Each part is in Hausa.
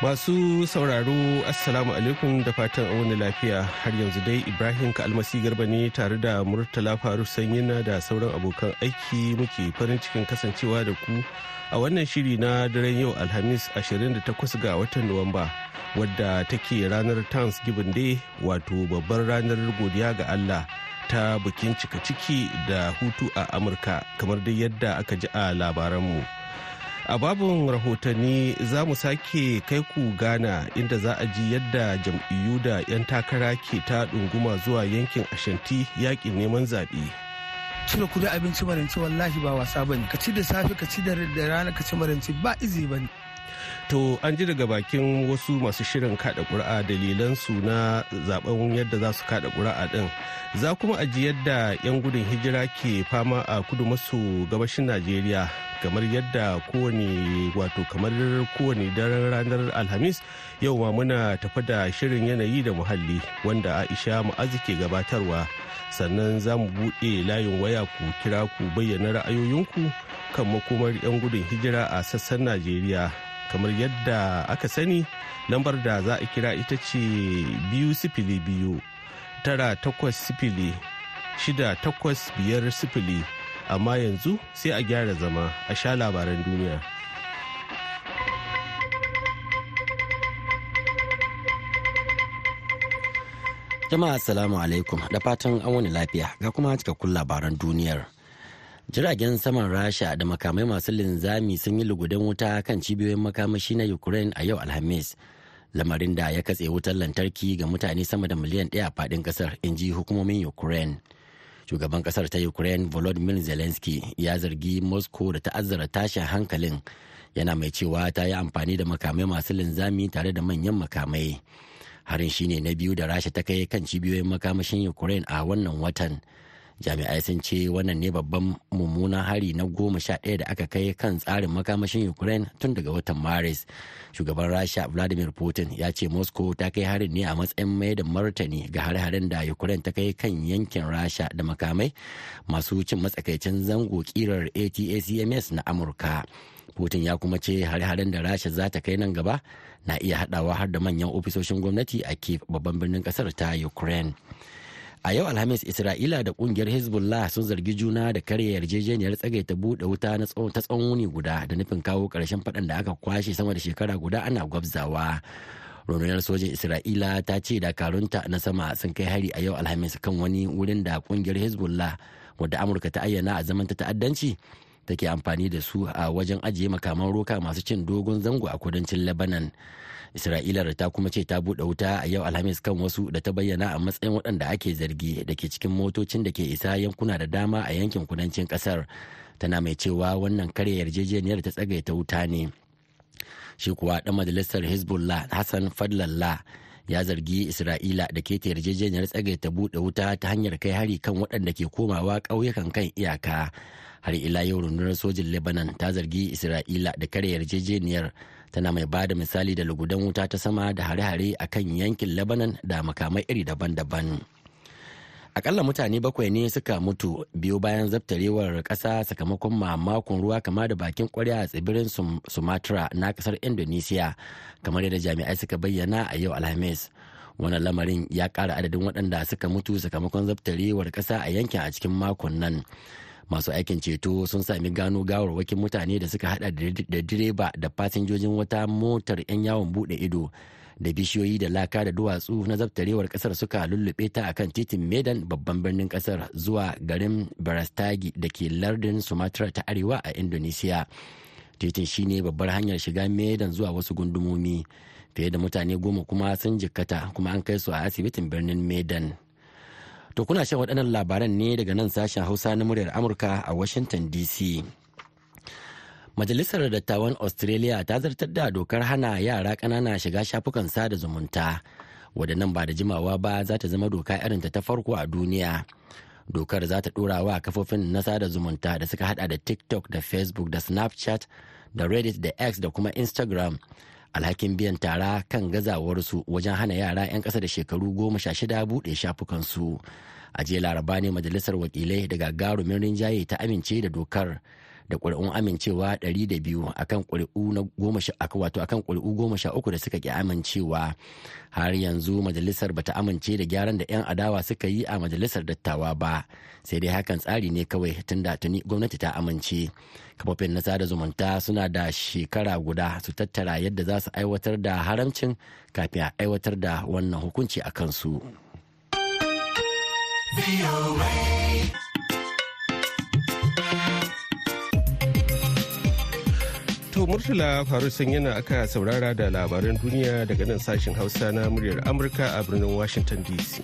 Masu sauraro Assalamu alaikum da fatan a wani lafiya har yanzu dai Ibrahim Kalmasi Garba ne tare da Murtala Faru Sanyina da sauran abokan aiki muke farin cikin kasancewa da ku a wannan shiri na daren yau Alhamis 28 ga watan Nuwamba wadda take ranar Thanksgiving Day wato babbar ranar godiya ga Allah ta bikin cika ciki da hutu a Amurka kamar dai yadda aka ji a labaranmu. mu. a babin rahotanni za mu sake kai ku ghana inda za a ji yadda jam'iyyu da 'yan takara ke ta ɗunguma zuwa yankin ashanti yaƙin neman zaɓe cire kudi abinci marance wallahi ba wasa bane ka ci da safe ka ci da rana ka ci marance ba izi bane to an ji daga bakin wasu masu shirin kada ƙuri'a dalilan su na zaben yadda za su kada ƙuri'a din za kuma aji yadda 'yan gudun hijira ke fama a kudu maso gabashin najeriya kamar yadda kowane wato kamar kowane daren ranar alhamis yau ma muna tafi da shirin yanayi da muhalli wanda aisha mu'azu ke gabatarwa sannan za mu buɗe layin waya ku kira ku bayyana ra'ayoyinku kan makomar 'yan gudun hijira a sassan najeriya kamar yadda aka sani lambar da za a kira ita ce biyu sifili biyu tara takwas sifili shida takwas biyar sifili amma yanzu sai a gyara zama a sha labaran duniya. Jama'a Assalamu alaikum da fatan an wani lafiya ga kuma cikakkun labaran duniyar. jiragen saman rasha da makamai masu linzami sun yi lugudan wuta kan cibiyoyin makamashi na ukraine a yau alhamis lamarin da ya katse wutar lantarki ga mutane sama da miliyan ɗaya a faɗin ƙasar in ji hukumomin ukraine shugaban ƙasar ta ukraine volodymyr zelensky ya zargi moscow da ta'azzara tashin hankalin yana mai cewa ta yi amfani da makamai masu linzami tare da manyan makamai harin shine na biyu da rasha ta kai kan cibiyoyin makamashin ukraine a wannan watan jami'ai sun ce wannan ne babban mummunan hari na goma sha ɗaya da aka kai kan tsarin makamashin ukraine tun daga watan maris shugaban rasha vladimir putin ya ce moscow ta kai harin ne a matsayin mai da martani ga hare-haren da ukraine ta kai kan yankin rasha da makamai masu cin matsakaicin zango kirar atacms na amurka putin ya kuma ce hare-haren da rasha za ta kai nan gaba na iya haɗawa har da manyan ofisoshin gwamnati a babban birnin ƙasar ta ukraine a yau alhamis isra'ila da kungiyar hezbollah sun zargi juna da karya yarjejeniyar tsagaita buɗe wuta ta tsawon wuni guda da nufin kawo ƙarshen faɗan da aka kwashe sama da shekara guda ana gwabzawa rundunar sojin isra'ila ta ce dakarunta na sama sun kai hari a yau alhamis kan wani wurin da kungiyar hezbollah wadda amurka ta ayyana a zaman ta ta'addanci take amfani da su a wajen ajiye makaman roka masu cin dogon zango a kudancin lebanon isra'ilar ta kuma ce ta buɗe wuta a yau alhamis kan wasu da ta bayyana a matsayin waɗanda ake zargi da ke cikin motocin da ke isa yankuna da dama a yankin kudancin ƙasar tana mai cewa wannan karya yarjejeniyar ta tsagaita wuta ne shi kuwa ɗan majalisar hezbollah hassan fadlallah ya zargi isra'ila da keta yarjejeniyar tsagaita buɗe wuta ta hanyar kai hari kan waɗanda ke komawa ƙauyukan kan iyaka har ila yau rundunar sojin lebanon ta zargi isra'ila da karyar yarjejeniyar tana mai ba da misali da lugudan wuta ta sama da hare-hare a kan yankin lebanon da makamai iri daban-daban akalla mutane bakwai ne suka mutu biyu bayan zabtarewar kasa sakamakon mamakon ruwa kama da bakin kwarya a tsibirin sumatra na kasar indonesia kamar yadda jami'ai suka bayyana a yau alhamis wani lamarin ya kara adadin waɗanda suka mutu sakamakon zabtarewar ƙasa a yankin a cikin makon nan masu aikin ceto sun sami gano gawarwakin mutane da suka hada da direba da fasinjojin wata motar 'yan yawon bude ido da bishiyoyi da laka da duwatsu na zabtarewar kasar suka lullube ta akan titin medan babban birnin kasar zuwa garin barastagi da ke lardin sumatra ta arewa a indonesia titin shine babbar hanyar shiga medan zuwa wasu gundumomi fiye da mutane goma kuma sun jikkata kuma an kai su a asibitin birnin medan To kuna shan waɗannan labaran ne daga nan sashen Hausa na muryar Amurka a Washington DC. Majalisar Dattawan Australia ta zartar da dokar hana yara ƙanana shiga shafukan sada zumunta. waɗannan ba da jimawa ba za ta zama doka irinta ta farko a duniya. Dokar za ta ɗora wa kafofin na sada zumunta da suka hada da TikTok da Facebook da Snapchat da Reddit da X da kuma Instagram alhakin biyan tara kan gazawarsu wajen hana yara 'yan ƙasa da shekaru goma sha shida buɗe shafukansu a jiya laraba ne majalisar wakilai daga garumin rinjaye ta amince da dokar da ƙuri'un amincewa 200 akan ƙuri'u wato akan ƙuri'u goma sha uku da suka ƙi amincewa har yanzu majalisar bata amince da gyaran da 'yan adawa suka yi a majalisar dattawa ba sai dai hakan tsari ne kawai tunda tuni gwamnati ta amince kafofin na sada zumunta suna da shekara guda su tattara yadda za su aiwatar da haramcin kafin a aiwatar da wannan hukunci a kansu. Murtala Farusan yana aka saurara da labaran duniya daga nan sashen Hausa na muryar Amurka a birnin Washington DC.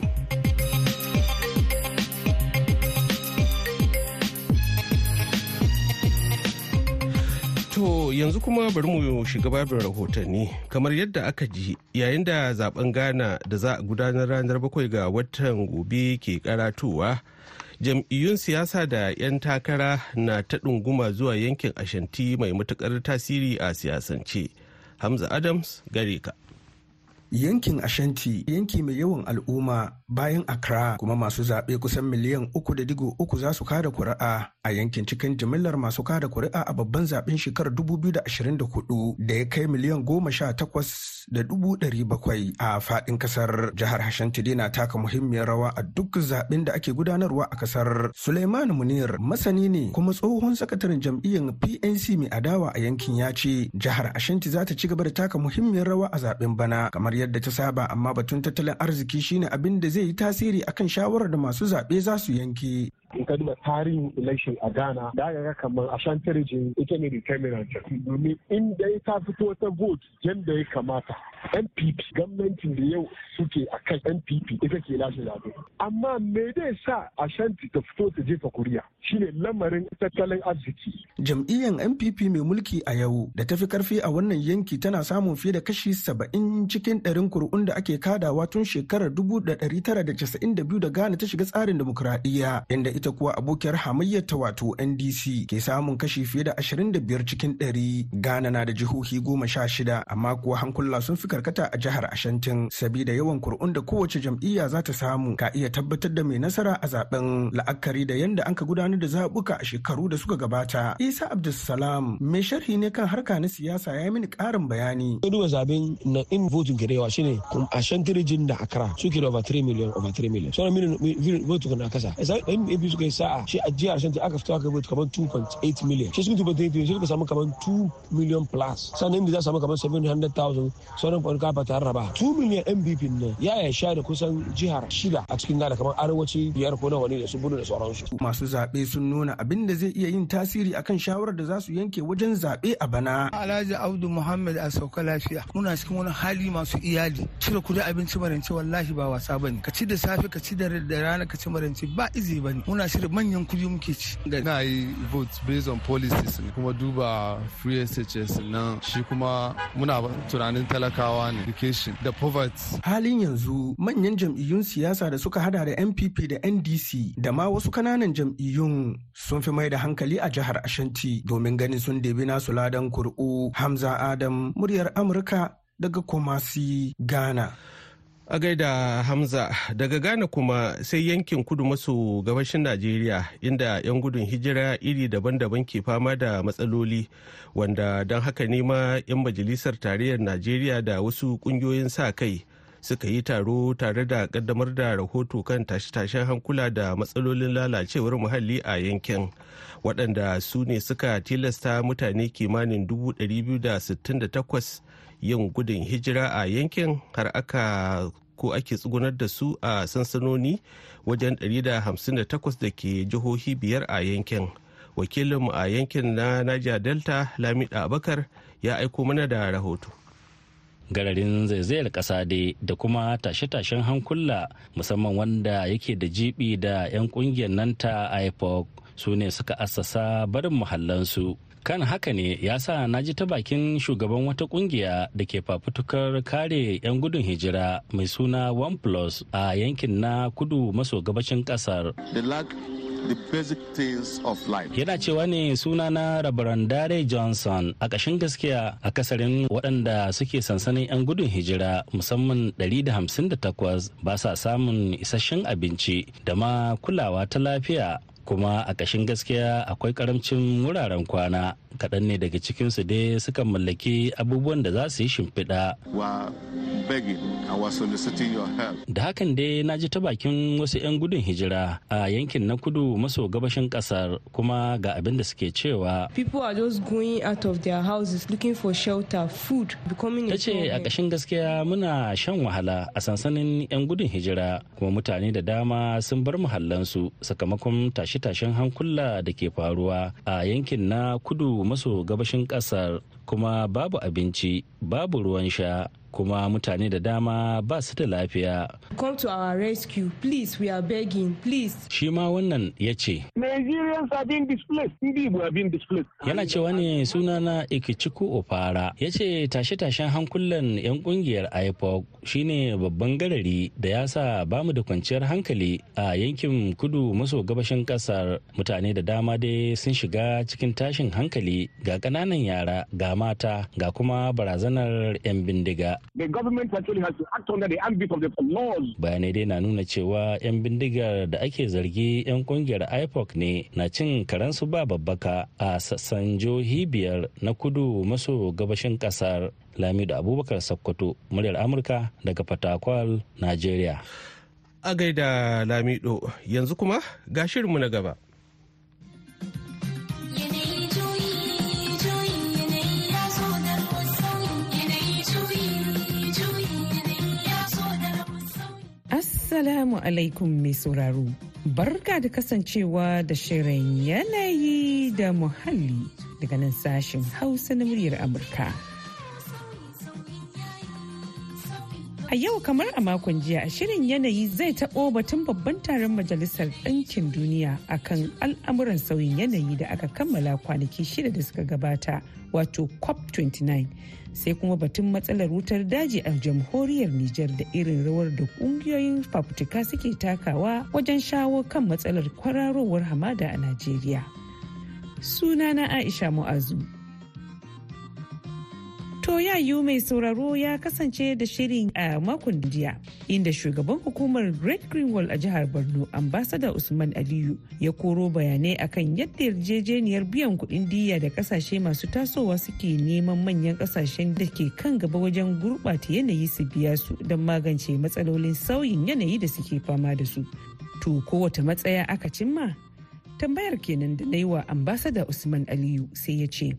To yanzu kuma bari mu shiga babin rahotanni kamar yadda aka ji yayin da zaben Ghana da za a gudanar ranar bakwai ga watan gobe ke karatowa. jam'iyyun siyasa da 'yan takara na ta ɗunguma zuwa yankin ashanti mai matuƙar tasiri a siyasance hamza adams gare ka yankin ashanti yanki mai yawan al'umma bayan Accra kuma masu zaɓe kusan miliyan uku da digo uku za su kada kuri'a a yankin cikin jimillar masu kada kuri'a a babban zaɓen shekarar 2024 da ya kai miliyan goma sha takwas da dubu ɗari bakwai a faɗin ƙasar jihar Hashantide na taka muhimmiyar rawa a duk zaɓen da ake gudanarwa a ƙasar. Suleiman Munir masani ne kuma tsohon sakataren jam'iyyar PNC mai adawa a yankin ya ce jihar Ashanti za ta ci gaba da taka muhimmiyar rawa a zaɓen bana kamar yadda ta saba amma batun tattalin arziki shine abin da zai yi tasiri akan shawarar da masu zaɓe za su yanke. in ka duba tarihin election a ghana da ga kamar ashanti region ita ne determinant domin in dai ta fito ta vote yadda ya kamata npp gwamnatin da yau suke a kan npp ita ke lashe zaɓe amma me zai sa ashanti ta fito ta jefa kuriya shine lamarin tattalin arziki jam'iyyar npp mai mulki a yau da ta fi karfi a wannan yanki tana samun fiye da kashi saba'in cikin ɗarin kur'un da ake kadawa tun shekarar dubu da casa'in da biyu da ghana ta shiga tsarin demokuraɗiyya inda ita kuwa abokiyar hamayyar ta wato ndc ke samun kashi fiye da ashirin da biyar cikin ɗari ghana na da jihohi goma sha shida amma kuwa hankula sun fi karkata a jihar ashantin sabida yawan kur'un da kowace jam'iyya za ta samu ka iya tabbatar da mai nasara a zaben la'akari da yanda an ka gudanar da zaɓuka a shekaru da suka gabata Isa Abdulsalam mai sharhi ne kan harka na siyasa ya yi mini karin bayani. Duba zaben na in votin garewa shine kun a shan tirijin da Accra suke da over 3 million over 3 million. Sauran mini votin na kasa. Sai in bi suka yi sa'a shi a jiya shan aka fito aka vote kamar 2.8 million. Shi suka 2.8 million suka samu kamar 2 million plus. Sannan inda za samu kamar 700,000 sauran kwan kafa ta raba. 2 million MPP ne ya ya sha da kusan jihar shida a cikin gada kamar arewaci biyar ko nawa ne da su gudu da sauransu. Masu zaɓe sun nuna abin da zai iya yin tasiri akan kan shawarar da za su yanke wajen zaɓe a bana. Alhaji Abdu Muhammad a sauka lafiya muna cikin wani hali masu iyali cire kudin abinci marance wallahi ba wasa ba ne. ka ci da safe ka ci da rana ka ci marance ba izi ba ne. muna shirin manyan kuɗi muke ci. Na yi vote based on policies kuma duba free SHS nan shi kuma muna tunanin talakawa ne education da poverty. Halin yanzu manyan jam'iyyun siyasa da suka hada da NPP da NDC da ma wasu kananan jam'iyyun sun fi mai da hankali a jihar Ashanti. gwamnati domin ganin sun debi nasu ladan kur'u hamza adam muryar amurka daga kumasi ghana a gaida hamza daga ghana kuma sai yankin kudu maso gabashin najeriya inda 'yan gudun hijira iri daban-daban ke fama da matsaloli wanda don haka nema 'yan majalisar tarayyar najeriya da wasu kungiyoyin sa kai suka yi taro tare da kaddamar da rahoto kan tashe-tashen hankula da matsalolin lalacewar muhalli a yankin waɗanda su ne suka tilasta mutane kimanin 268 yin gudun hijira a yankin har aka ko ake tsugunar da su a sansanoni wajen 158 da ke jihohi biyar a yankin wakilinmu a yankin na naja delta lamida abakar ya aiko mana da rahoto gararin zaizayar ƙasa dai da kuma tashe-tashen hankula musamman wanda yake da jibi da 'yan ƙungiyar nan ta ipoc su ne suka assasa barin muhallansu kan haka ne ya sa na ji ta bakin shugaban wata kungiya da ke fafutukar kare 'yan gudun hijira mai suna one plus a yankin na kudu maso gabashin kasar Yana cewa ne sunana Rabarandare Johnson a ƙashin gaskiya a kasarin waɗanda suke sansanin 'yan gudun hijira musamman 158 ba sa samun isasshen abinci da ma kulawa ta lafiya kuma a ƙashin gaskiya akwai karamcin wuraren kwana kaɗan ne daga cikinsu dai suka mallaki abubuwan da za su yi shimfiɗa. Da hakan dai na ji ta bakin wasu 'yan gudun hijira a yankin na kudu maso gabashin ƙasar kuma ga abin da suke cewa. People are just going out of their houses looking for shelter, food, becoming a ce a ƙashin gaskiya muna shan wahala a sansanin 'yan gudun hijira kuma mutane da dama sun bar muhallansu sakamakon tashe-tashen hankula da ke faruwa a yankin na kudu maso gabashin kasar kuma babu abinci babu ruwan sha kuma mutane da dama ba su da lafiya. Come to our rescue, please, we are begging, please. Shi ma wannan ya ce. Nigerians are being displaced, indeed we are being displaced. Yana cewa ne sunana Ikichiku Opara. Ya ce tashe-tashen hankulan 'yan kungiyar IPOC shine babban garari da ya sa ba mu da kwanciyar hankali a yankin kudu maso gabashin kasar. Mutane da dama dai sun shiga cikin tashin hankali ga ƙananan yara ga mata ga kuma barazanar 'yan bindiga. Bayanai dai na nuna cewa 'yan bindigar da ake zargi 'yan kungiyar IPOC ne na cin karensu ba babbaka a sassan jihohi biyar na kudu maso gabashin kasar. Lamido Abubakar Sokoto, muryar Amurka daga Fatakwal, Najeriya. A gaida Lamido, yanzu kuma ga shirinmu na gaba. Assalamu alaikum mai sauraro. Barka da kasancewa da shirin yanayi da muhalli daga nan sashen Hausa na muryar Amurka. A yau kamar a makon jiya a shirin yanayi zai taɓo batun babban taron Majalisar Ɗinkin Duniya akan al'amuran sauyin yanayi da aka kammala kwanaki shida da suka gabata wato COP 29. sai kuma batun matsalar wutar daji a jamhuriyar Nijar da irin rawar da kungiyoyin fafutuka suke takawa wajen shawo kan matsalar kwararowar hamada a Najeriya. Sunana Aisha Mu'azu. To ya yiwu mai sauraro ya kasance da shirin a makon jiya inda shugaban hukumar Great Greenwall a jihar Borno ambasada Usman Aliyu ya koro bayanai akan yadda yarjejeniyar biyan kuɗin diya da kasashe masu tasowa suke neman manyan kasashen da ke kan gaba wajen gurɓata yanayi su biya su don magance matsalolin sauyin yanayi da suke fama da su. To kowace matsaya aka cimma? Tambayar kenan da na yi wa ambasada Usman Aliyu sai ya ce.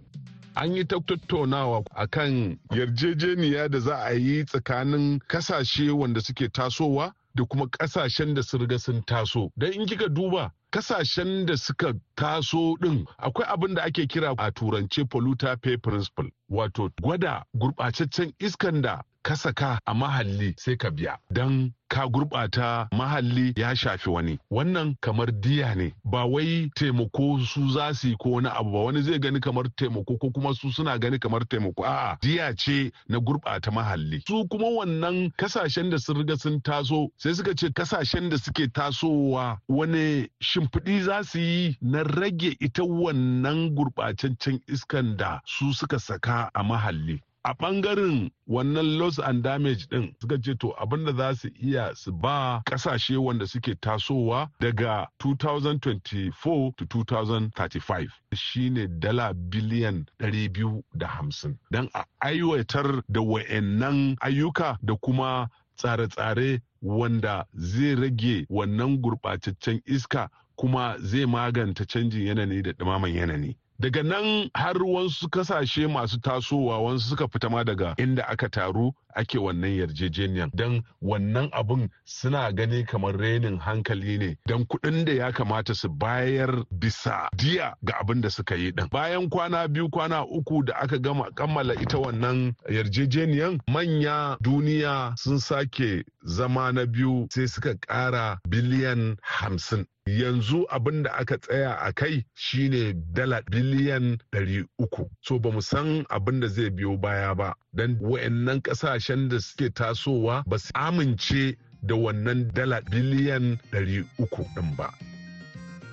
an yi tattaunawa a kan yarjejeniya da za a yi tsakanin kasashe wanda suke tasowa da kuma kasashen da sun riga sun taso don in kika duba kasashen da suka taso din akwai abin da ake kira a turance polluter pay principle wato gwada gurɓataccen iskan da ka saka a mahalli sai ka biya don ka gurɓata mahalli ya shafi wani wannan kamar diya ne ba wai taimako su za su yi ko wani abu ba wani zai gani kamar taimako ko kuma su suna gani kamar taimako a'a diya ce na gurɓata mahalli su kuma wannan kasashen da sun riga sun taso sai suka ce kasashen da suke tasowa wani shimfiɗi za su yi na rage ita wannan gurɓataccen iskan da su suka saka a mahalli a ɓangaren wannan loss and damage ɗin suka ce to abinda da za su iya su ba ƙasashe wanda suke tasowa daga 2024 to 2035 shine dala biliyan 250 don a aiwatar da wa'annan ayyuka da kuma tsare-tsare wanda zai rage wannan gurɓataccen iska kuma zai maganta canjin yanayi da ɗumaman yanayi. daga nan har wasu kasashe masu tasowa wasu suka fita ma daga inda aka taru ake wannan yarjejeniyar don wannan abun suna gani kamar renin hankali ne don kuɗin da ya kamata su bayar bisa diya ga abin da suka yi ɗin bayan kwana biyu kwana uku da aka gama kammala ita wannan yarjejeniyar manya duniya sun sake zama na biyu sai suka ƙara biliyan hamsin yanzu abin da aka tsaya a kai shine dala biliyan 300 so ba mu san abin da zai biyo baya ba don wa'annan kasashen da suke tasowa ba su amince da wannan dala biliyan 300 din ba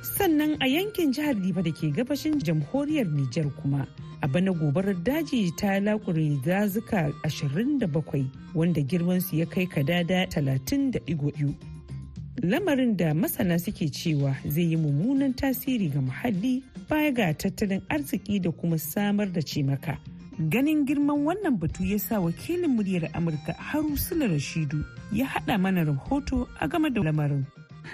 sannan a yankin jihar riba da ke gabashin jamhuriyar nijar kuma a bana gobarar daji ta lakure zazuka 27 wanda girmansu ya kai kadada 30.2 lamarin da masana suke cewa zai yi mummunan tasiri ga muhalli baya ga tattalin arziki da kuma samar da cimaka. ganin girman wannan batu ya sa wakilin muryar amurka haru sula rashidu ya haɗa mana rahoto a game da lamarin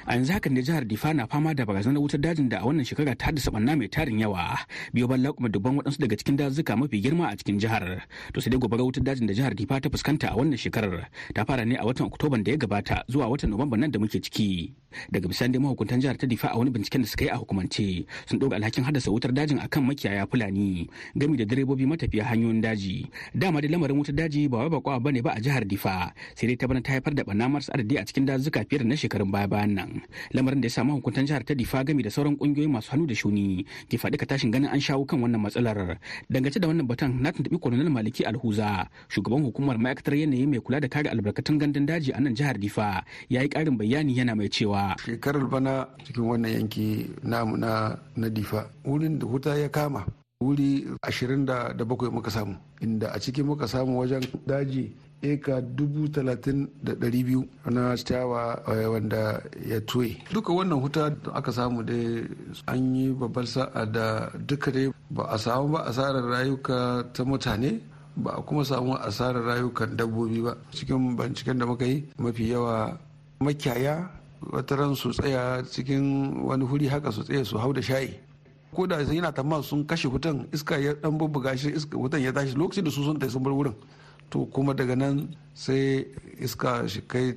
a yanzu hakan ne jihar difa na fama da barazanar wutar dajin da a wannan shekara ta haddasa banna mai tarin yawa biyo ban laƙuma dubban waɗansu daga cikin dazuka mafi girma a cikin jihar to sai dai gobarar wutar dajin da jihar difa ta fuskanta a wannan shekarar ta fara ne a watan oktoban da ya gabata zuwa watan nuwamba nan da muke ciki daga bisani dai mahukuntan jihar ta difa a wani binciken da suka yi a hukumance sun ɗora alhakin haddasa wutar dajin akan makiyaya fulani gami da direbobi matafiya hanyoyin daji dama dai lamarin wutar daji ba wai bakwa bane ba a jihar difa sai dai ta bana ta haifar da adadi a cikin dazuka fiye da na shekarun baya bayan nan lamarin da ya samu hukuntan jihar ta difa gami da sauran kungiyoyi masu hannu da shuni ke faɗi ka tashin ganin an shawo kan wannan matsalar dangance da wannan batun na tuntubi kwanan maliki alhuza shugaban hukumar ma'aikatar yanayi mai kula da kare albarkatun gandun daji a nan jihar difa ya yi ƙarin bayani yana mai cewa shekarar bana cikin wannan yanki namu na na difa wurin da wuta ya kama wuri 27 muka samu inda a ciki muka samu wajen daji eka dubu talatin da dari biyu na ciyawa eh, wanda ya tuwe duka wannan huta da aka samu dai an yi babbar sa'a da duka dai ba a samu ba asarar rayuka ta mutane ba a kuma samu asarar rayukan dabbobi ba cikin binciken da muka yi mafi yawa makiyaya ran su tsaya cikin wani huri haka su tsaya su hau da shayi ko da yana tamma sun kashe hutan iska ya dan bubbuga shi iska hutan ya tashi lokacin da su sun tafi sun bar wurin to kuma daga nan sai iska shi kai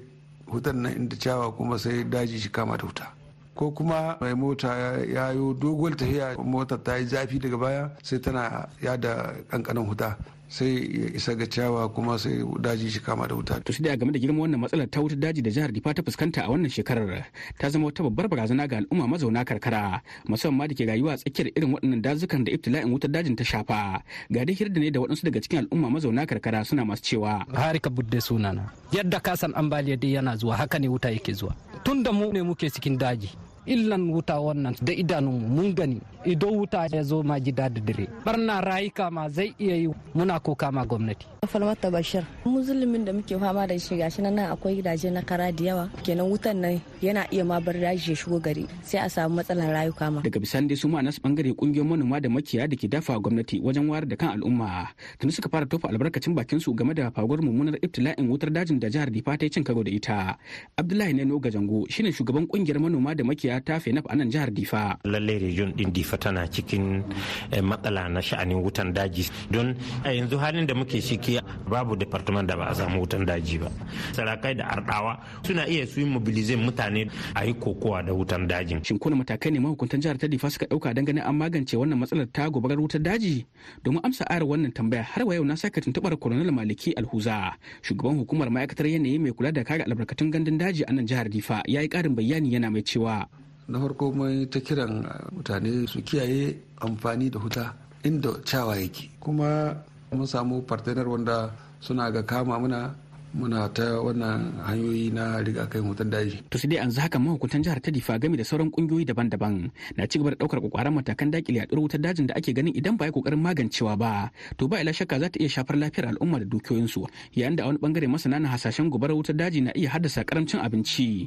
hutar nan inda cewa kuma sai daji shi kama da wuta ko kuma mai mota ya yi doguwar tafiya motar ta yi zafi daga baya sai tana yada kankanin huta sai ya isa ga ciyawa kuma sai daji shi kama da wuta. To da game da girma wannan matsalar ta wuta daji da jihar Difa ta fuskanta a wannan shekarar ta zama wata babbar barazana ga al'umma mazauna karkara musamman ma da ke rayuwa a tsakiyar irin waɗannan dazukan da iftila'in wutar dajin ta shafa. Ga dai hirda ne da waɗansu daga cikin al'umma mazauna karkara suna masu cewa. Harika Budde sunana. Yadda kasan ambaliya dai yana zuwa haka ne wuta yake zuwa. Tun da mu ne muke cikin daji illan wuta wannan da idanunmu mun gani ido wuta ya zo ma ji da dare barna rayuka ma zai iya yi muna koka ma gwamnati falmata bashir musulmin da muke fama da shi gashi nan akwai gidaje na kara da yawa kenan wutan nan yana iya ma bar daji ya shigo gari sai a samu matsalar rayuka ma daga bisan dai su ma nasu bangare kungiyoyin manoma da makiya da ke dafa gwamnati wajen wayar da kan al'umma tuni suka fara tofa albarkacin bakin su game da faguwar mummunar ibtila'in wutar dajin da jihar Difa ta yi cin karo da ita Abdullahi Neno Gajango shine shugaban kungiyar manoma da makiya ta FENAF a nan jihar Difa lallai region din Difa tana cikin eh, matsala na sha'anin wutan daji don a yanzu halin da muke ciki babu department da ba a samu wutan daji ba sarakai da ardawa suna iya su yi mobilizin mutane mutane a yi kokowa da wutan dajin. Shin kuna matakai ne mahukuntan jihar ta Difa suka ɗauka dangane ganin an magance wannan matsalar ta gobarar wutar daji? Domin amsa ayar wannan tambaya har wa yau na sake tuntuɓar Coronel Maliki Alhuza, shugaban hukumar ma'aikatar yanayi mai kula da kare albarkatun gandun daji a nan jihar Difa ya yi ƙarin bayani yana mai cewa. Na farko mai ta kiran mutane su kiyaye amfani da huta inda cawa yake kuma mun samu partner wanda suna ga kama muna muna ta wannan hanyoyi na rigakafin wutar daji. To sai dai yanzu haka mahukuntan jihar ta difa game da sauran kungiyoyi daban-daban na cigaba da daukar kokarin matakan dakile yaduwar wutar dajin da ake ganin idan ba ya kokarin magancewa ba to ba ila shakka za ta iya shafar lafiyar al'umma da dukiyoyinsu yayin da a wani bangare masana na hasashen gobarar wutar daji na iya haddasa karamcin abinci.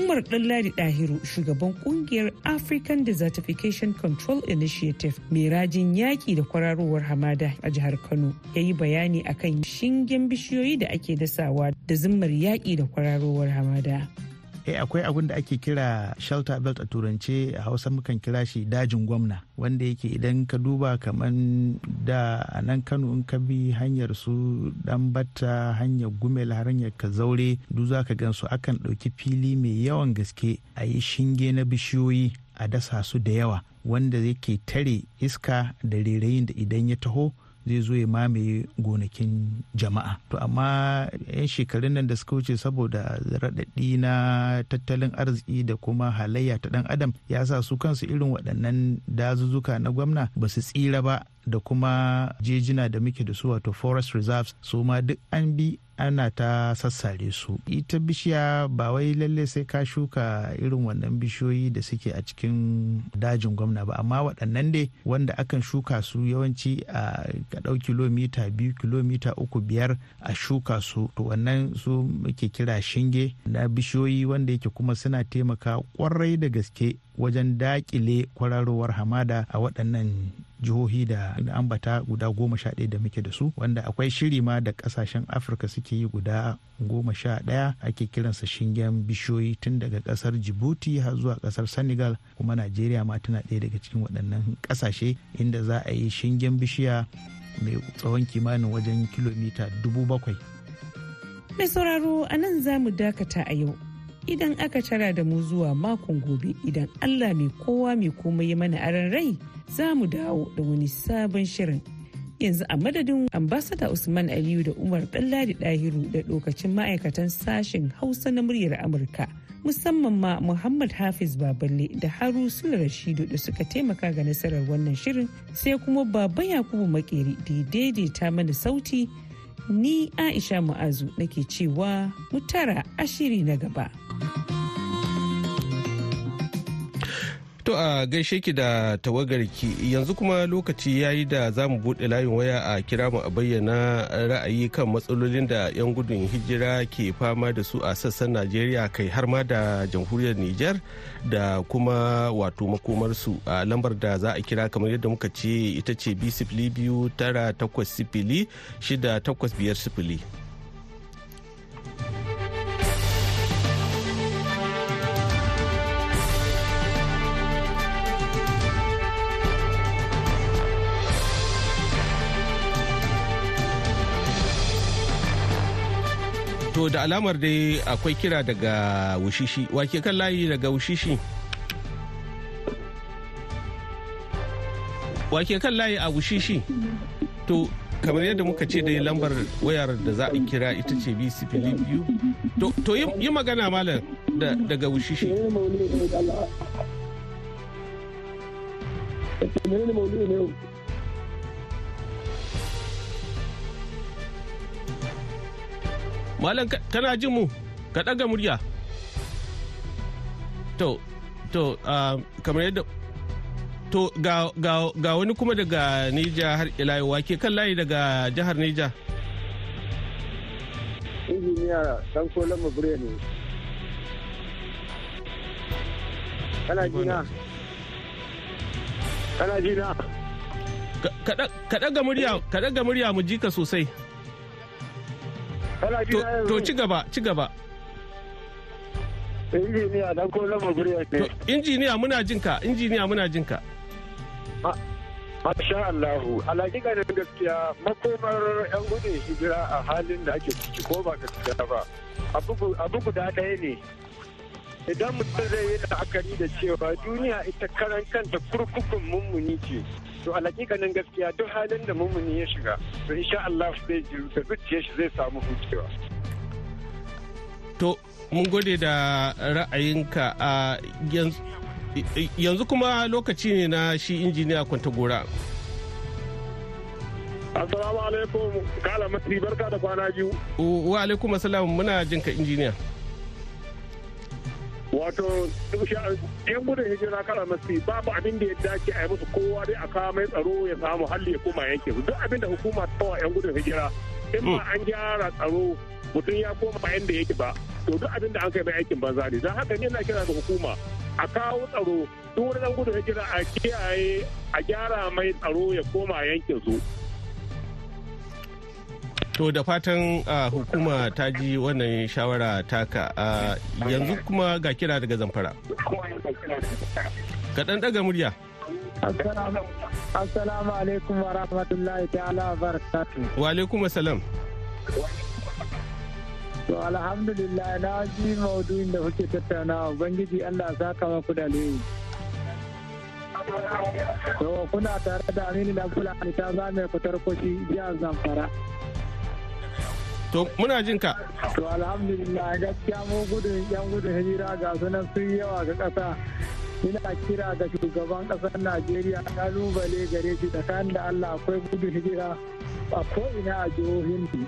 Umar Ɗanladi Ɗahiru shugaban kungiyar African Desertification Control Initiative mai rajin yaƙi da kwararowar hamada a jihar Kano ya yi bayani akan shingen bishiyoyi da ake dasawa da zimmar yaƙi da kwararowar hamada. eh akwai abin da ake kira shelter belt a turance a hausa mukan kira shi dajin gwamna wanda yake idan ka duba kaman da a nan kano in ka bi hanyar su dan batta hanyar gumel har hanyar ka zaure duk za ka gan su akan ɗauki fili mai yawan gaske a yi shinge na bishiyoyi a dasa su da yawa wanda yake tare iska da rerayin da idan ya taho zai zo ya mamaye gonakin jama'a to amma 'yan shekarun nan da suka wuce saboda raɗaɗi na tattalin arziki da kuma halayya ta ɗan adam ya sa su kansu irin waɗannan dazuzzuka na gwamna ba su tsira ba da kuma jejina da muke da su wato forest reserves su ma duk an bi ana ta sassare su ita bishiya ba wai lalle sai ka shuka irin wannan bishiyoyi da suke a cikin dajin gwamna ba amma waɗannan dai wanda akan shuka su yawanci a ɗau kilomita biyu kilomita uku biyar a shuka su to wannan su muke kira shinge na bishiyoyi wanda yake kuma suna taimaka kwarai da gaske wajen dakile kwararowar hamada a waɗannan jihohi da ambata guda goma sha ɗaya da muke da su wanda akwai shiri ma da ƙasashen afirka suke yi guda goma sha ɗaya ake kiransa shingen bishiyoyi tun daga ƙasar jibuti har zuwa ƙasar senegal kuma najeriya ma tana ɗaya daga cikin waɗannan ƙasashe inda za a yi shingen bishiya mai tsawon kimanin wajen kilomita dubu bakwai mai sauraro a nan za mu dakata a yau idan aka tara da mu zuwa makon gobe idan Allah mai kowa mai komai ya mana aran rai za mu dawo da wani sabon shirin. Yanzu a madadin ambasada Usman Aliyu da Umar Ɗanladi Ɗahiru da lokacin ma'aikatan sashen Hausa na muryar Amurka. Musamman ma Muhammad Hafiz Baballe da Haru Sula Rashidu da suka taimaka ga nasarar wannan shirin sai kuma Baba Yakubu Makeri da ya daidaita mana sauti ni Aisha Mu'azu nake cewa mutara ashiri na gaba. To a gaishe ki da tawagar ki yanzu kuma lokaci ya yi da za mu buɗe layin waya a kira mu a bayyana ra'ayi kan matsalolin da 'yan gudun hijira ke fama da su a sassan Najeriya kai har ma da jamhuriyar Nijar da kuma wato makomarsu a lambar da za a kira kamar yadda muka ce ita ce biyu tara takwas sifili shida takwas biyar sifili. To da alamar dai akwai kira daga wushishi. Wake kan layi daga wushishi? Wake kan layi a wushishi? To kamar yadda muka ce dai lambar wayar da za a kira ita ce b sifili biyu to yi magana malam daga wushishi malam kana jin mu ka ɗaga murya to to kamar yadda to ga, ga, ga wani kuma daga nija har ilayewa wake kan layi daga jihar nija injiniya ɗan kolon mabure ne kana jina kana jina murya, ka ɗaga murya mu ji ka sosai To ci gaba, ci gaba. Injiniya dan ko lamba ne. Injiniya muna jinka, injiniya muna jinka. Masha Allahu, alaƙiƙa da gaskiya makomar 'yan gudun hijira a halin da ake ciki ko ba gaskiya ba. Abu guda ɗaya ne. Idan mutum zai yi la'akari da cewa duniya ita karan kanta kurkukun mummuni ce. to a lakikanin gaskiya duk halin da mummuni ya shiga to insha Allah zai jiru da zuciyar shi zai samu hucewa to mun gode da ra'ayinka a yanzu kuma lokaci ne na shi injiniya kwantagora assalamu alaikum kala masri barka da kwana biyu wa alaikum assalam muna jinka injiniya wato yan gudun hijira kara masu babu abin da ya dace a yi musu kowa dai a kawo mai tsaro ya samu halli ya koma yanke su duk abin da hukuma ta wa yan gudun hijira in ba an gyara tsaro mutum ya koma yanda yake ba to duk abin da an kai mai aikin banza ne don haka ne na kira da hukuma a kawo tsaro duk wani yan gudun hijira a kiyaye a gyara mai tsaro ya koma yankin su to da fatan hukuma ta ji wannan shawara taka yanzu kuma ga kira daga zamfara kaɗan daga murya assalamu alaikum wa rahmatullahi ta'ala barakatu wa alaikum assalam to alhamdulillah na ji maudu'in da kuke tattaunawa ubangiji allah saka maku da alheri to kuna tare da aminu dan fulani ta zame ku tarkoki jihar zamfara To muna jin ka. To alhamdulillah gaskiya mu gudun yan gudun hijira ga sunan sun yawa ga ƙasa. Ina kira ga shugaban ƙasar Najeriya kalubale gare shi da kan da Allah akwai gudun hijira a ko'ina a jihohin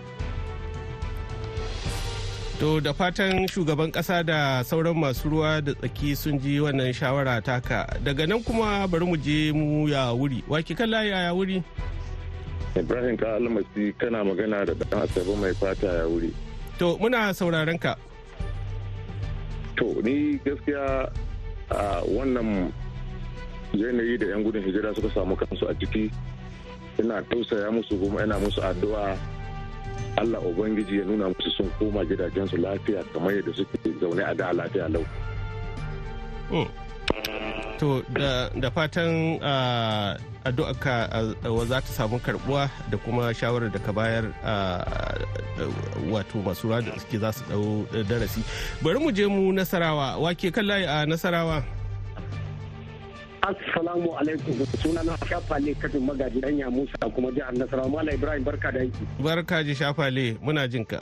To da fatan shugaban ƙasa da sauran masu ruwa da tsaki sun ji wannan shawara taka. Daga nan kuma bari mu je mu ya wuri. Wa ki kalla ya wuri? Ibrahim ka almasi kana magana da ɗan asabe mai fata ya wuri. To muna sauraron ka. To ni gaskiya a wannan yanayi da 'yan gudun hijira suka samu kansu a ciki ina tausaya musu kuma ina musu addu'a Allah Ubangiji ya nuna musu sun koma gidajensu lafiya kamar yadda suke zaune a da lafiya lau. Hmm. To da fatan addu'arka za ta samu karbuwa da kuma shawarar da ka bayar wato masu da suke za su dau darasi. Bari mu je mu nasarawa, wake kan layi a nasarawa. Assalamu alaikum suna na shafale kafin magaji danya Musa kuma jihar Nasarawa Mala Ibrahim barka da yanki. Barka ji shafale muna jinka.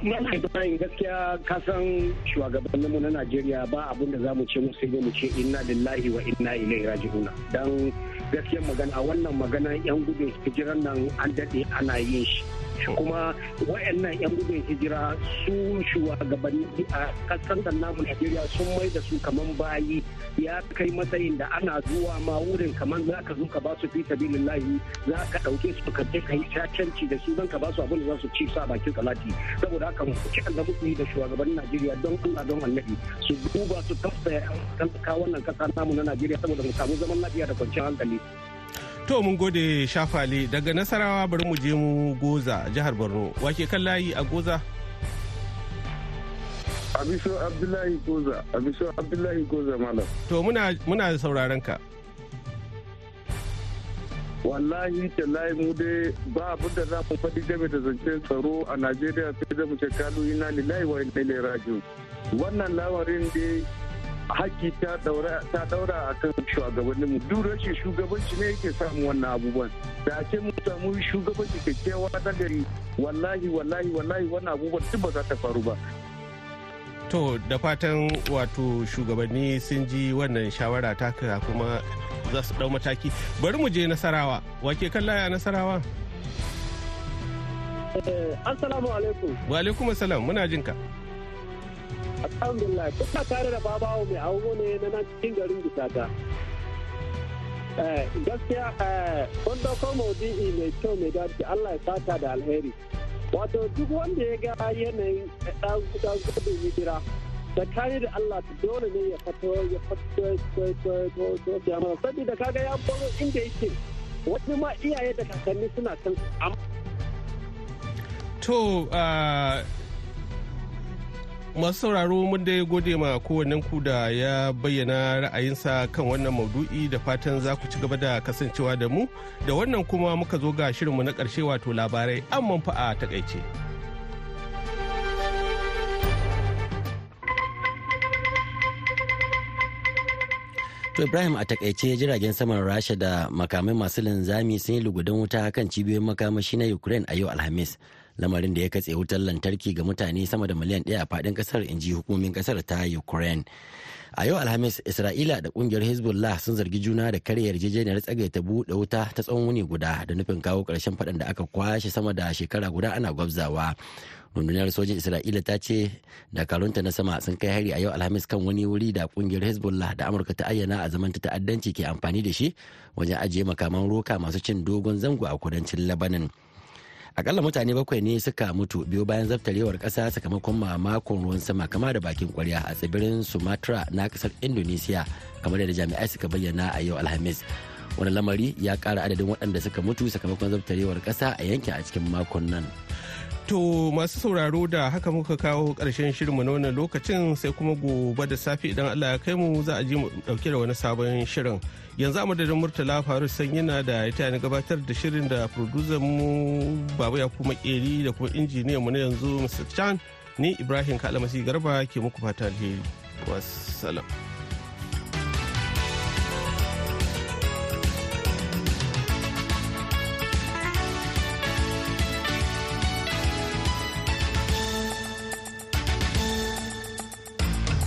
Mana Ibrahim gaskiya kasan shugabannin mu na Najeriya ba abin da zamu ce musu sai mu ce inna lillahi wa inna ilaihi raji'una. Dan gaskiyar magana a wannan magana yan gudun hijiran nan an dade ana yin shi. kuma wayannan yan gudun hijira su shugabanni a kasar da namu Najeriya sun mai da su kaman bayi ya kai matsayin da ana zuwa ma wurin kaman za ka zo ka ba su fi sabilillahi za ka dauke su ka je ka yi cacanci da su don ka ba su abin da za su ci sa bakin salati saboda haka ci da mu yi da shugabannin Najeriya don Allah don annabi su duba su tafsaya kan wannan kasa namu na Najeriya saboda mu samu zaman lafiya da kwanciyar hankali To mun gode shafale daga nasarawa bari mu je mu goza jihar Borno. Wake kan layi a goza? Abiso Abdullahi Goza, Abiso Abdullahi Goza malam. To muna muna sauraron ka. Wallahi tallahi mu dai ba abin da za mu faɗi game da zancen tsaro a Najeriya sai da mu ce kalu ina lillahi wa inna ilaihi raji'un. Wannan lamarin dai haƙƙi ta daura a kan shugabannin mu duk rashin shugabanci ne yake samun wannan abubuwan da ake mu samu shugabanci kyakkyawa ta gari wallahi wallahi wallahi wannan abubuwan duk ba za ta faru ba to da fatan wato shugabanni sun ji wannan shawara taka kuma za su dau mataki bari mu je nasarawa wake kallaya nasarawa eh, assalamu alaikum wa alaikum assalam muna jinka ka alhamdulillah kuma tare da babawo mai awo ne na nan cikin garin bisata eh, gaskiya eh, kun dauko maudu'i mai kyau mai dace allah ya sata da alheri wato duk wanda ya ga yanayin ɗan kudan gudun hijira da kare da Allah ta dole ne ya fito ya fito ya mara saboda kaga ya baro inda yake wani ma iyaye da kakanni suna kan To ah, masu sauraro mun dai gode ma kowannen ku da ya bayyana ra'ayinsa kan wannan maudu'i da fatan za ku ci gaba da kasancewa da mu da wannan kuma muka zo ga shirinmu na ƙarshe wato labarai an manfa a takaice. To Ibrahim a takaice jiragen saman Rasha da makamai masu linzami sun yi lugudan wuta kan cibiyoyin makamashi na Ukraine a yau Alhamis. lamarin da ya katse wutar lantarki ga mutane sama da miliyan ɗaya a faɗin ƙasar in ji hukumomin ƙasar ta ukraine a yau alhamis isra'ila da ƙungiyar hezbollah sun zargi juna da karya yarjejeniyar tsagaita buɗe wuta ta tsawon wuni guda da nufin kawo ƙarshen faɗin da aka kwashe sama da shekara guda ana gwabzawa rundunar sojin isra'ila ta ce dakarunta na sama sun kai hari a yau alhamis kan wani wuri da kungiyar hezbollah da amurka ta ayyana a zaman ta ta'addanci ke amfani da shi wajen ajiye makaman roka masu cin dogon zango a kudancin labanin akalla mutane bakwai ne suka mutu biyu bayan zaftarewar kasa sakamakon mamakon ruwan sama kama da bakin kwarya a tsibirin sumatra na kasar indonesia kamar da jami'ai suka bayyana a yau alhamis wani lamari ya kara adadin waɗanda suka mutu sakamakon zaftarewar kasa a yankin a cikin makon nan To masu sauraro da haka muka kawo ƙarshen shirinmu na wannan lokacin sai kuma gobe da safe idan Allah ya kai mu za a ji mu ɗauke da wani sabon shirin. Yanzu a madadin Murtala Faru yana da ita ne gabatar da shirin da producer mu Babu Yakubu Makeri da kuma injiniyan mu na yanzu Mr. Chan ni Ibrahim Kalamasi Garba ke muku fata alheri. Wassalam.